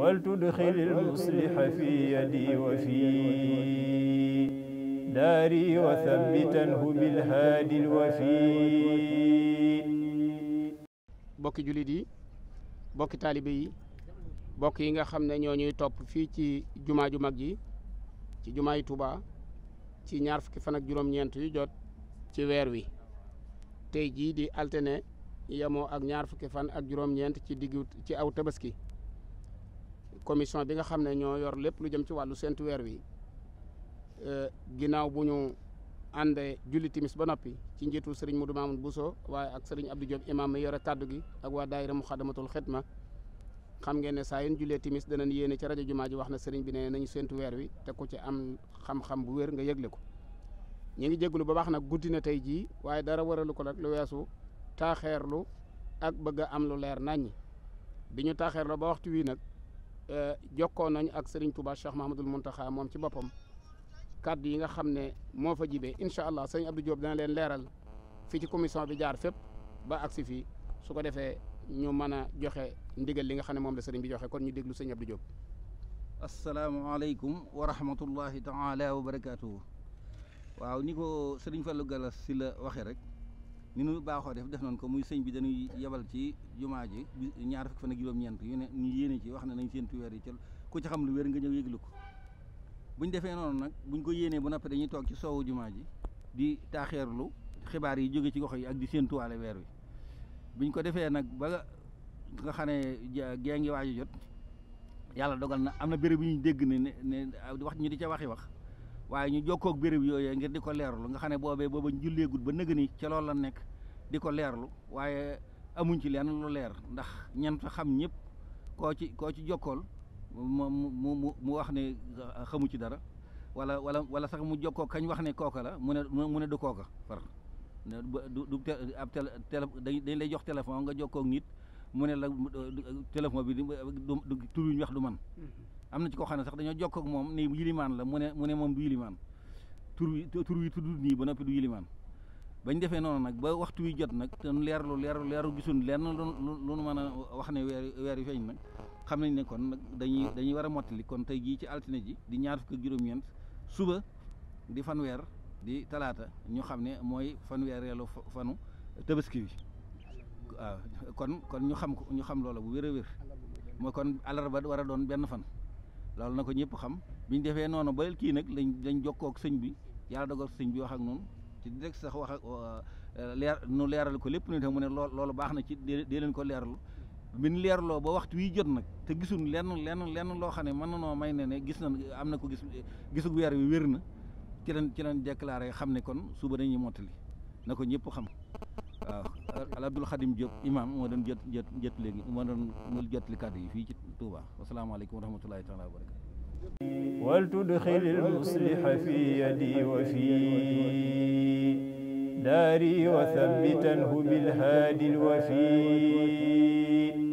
ولتدخل المصلح في يدي وفي داري وثبتنه بالهادي الوفي bokki jullit yi bokki taalibe yi bokk yi nga xam ne ñoo ñuy topp fii ci jumaa ju mag ji ci jumaa yi Tuuba ci ñaar fukki fan ak juróom-ñeent yu jot ci weer wi tey jii di altine yamoo ak ñaar fukki fan ak juróom-ñeent ci diggu ci aw tabaski commission bi nga xam ne ñoo yor lépp lu jëm ci wàllu séntu weer wi euh, ginnaaw bu ñu àndee julli timis ba noppi ci njiitul sëriñ Modou Mamoun Bousso waaye ak sëriñ Abdou Diop imam mi yore kàddu gi ak waa mu daayira Muxaddamatul ma xam ngeen ne saa yu ñu jullee timis danañ yéene ci rajo jumaa ji wax na sëriñ bi ne nañu séntu weer wi te ku ci am xam-xam bu wér nga yëgle ko ñu ngi jégalu ba baax nag guddi na tey jii waaye dara waralu ko nag lu weesu taaxeerlu ak bëgg a am lu leer naññi bi ñu ba waxtu wii nag Euh, jokkoo nañ ak Serigne Touba Cheikh Mahamadul Muntaxa moom ci boppam kàddu yi nga xam ne moo fa jibee incha allah sëñ Abdou jóob dana leen leeral fii ci commission bi jaar fépp ba agsi fii su ko defee ñu mën a joxe ndigal li nga xam ne moom la sëriñ bi joxe kon ñu déglu sëñ Abdou Diop. asalaamaaleykum wa rahmatullahi taala wa barakaatuhu waaw ni ko sëriñ Fallou Gallas si la waxee rek. ni nu baaxoo def def nañ ko muy sëñ bi dañuy yebal ci jumaa ji ñaar fukk fan ak juróom-ñeent yu ñu yéene ci wax ne nañ séentu weer yi ci ko ci xam lu wér nga ñëw yëglu ko bu ñu defee noonu nag buñ ko yéenee bu noppi dañuy toog ci soowu jumaa ji di lu xibaar yi jóge ci gox yi ak di séentuwaale weer wi biñ ko defee nag ba nga xam ne gee ngi waaj jot yàlla dogal na am na béréb bu ñu dégg ne ne wax ñu di ca waxi wax waaye ñu jokkoog béréb yooyu ngir di ko leerlu nga xam ne boobee booba julleegut ba nëgë ni ca loolu la nekk di ko leerlu waaye amuñ ci leen lu leer ndax ñan fa xam ñëpp koo ci koo ci jokkool mu mu mu wax ne xamu ci dara wala wala wala sax mu jokkoo kañ wax ne kooka la mu ne mu ne du kooka far du du ab télé dañ lay jox téléphone nga jokkoo nit mu ne la téléphone bi du tur ñu wax du man mm-hmm. am na ci koo xam ne sax dañoo jokk ak moom nii yilimaan la mu ne mu ne moom du yilimaan tur wi tur wi tudd nii ba noppi du yilimaan bañ defee noonu nag ba waxtu wi jot nag te lu leer leerlu gisuñ lenn lu lu nu mën a wax ne weer weer yu feeñ nag xam nañ ne kon nag dañuy dañuy war a mottali kon tey jii ci altine ji di ñaar fukk ak juróom-ñeent suba di fanweer di talaata ñu xam ne mooy fanweereelu fanu tabaski bi waaw kon kon ñu xam ko ñu xam loola bu wér a wér moo kon alarba war a doon benn fan loolu na ko ñëpp xam bi ñu defee noonu ba kii nag lañ dañ jokkoo ak sëñ bi yàlla dogal sëñ bi wax ak noonu ci direct sax wax ak euh, leer nu leeral ko lépp nu te mu ne lool loolu baax na ci dee leen ko leeralu bi ñu leerloo ba waxtu wi jot nag te gisuñ lenn lenn lenn loo xam ne mën na noo may ne ne gis nañ am na ko gis gisu weer wi wér na ci leen ci leen déclaré xam ne kon suba dañuy mottali na ko ñëpp xam waaw al Abdul Xadim Diop imam moo doon jot jot jot léegi moo doon mul jotli kàddu yi fii ci Touba asalaamaaleykum wa rahmatullahi taala wa barakatu wal tudxilil musliha fi yadi wa fi daari wa thabbitanhu bil haadil wafi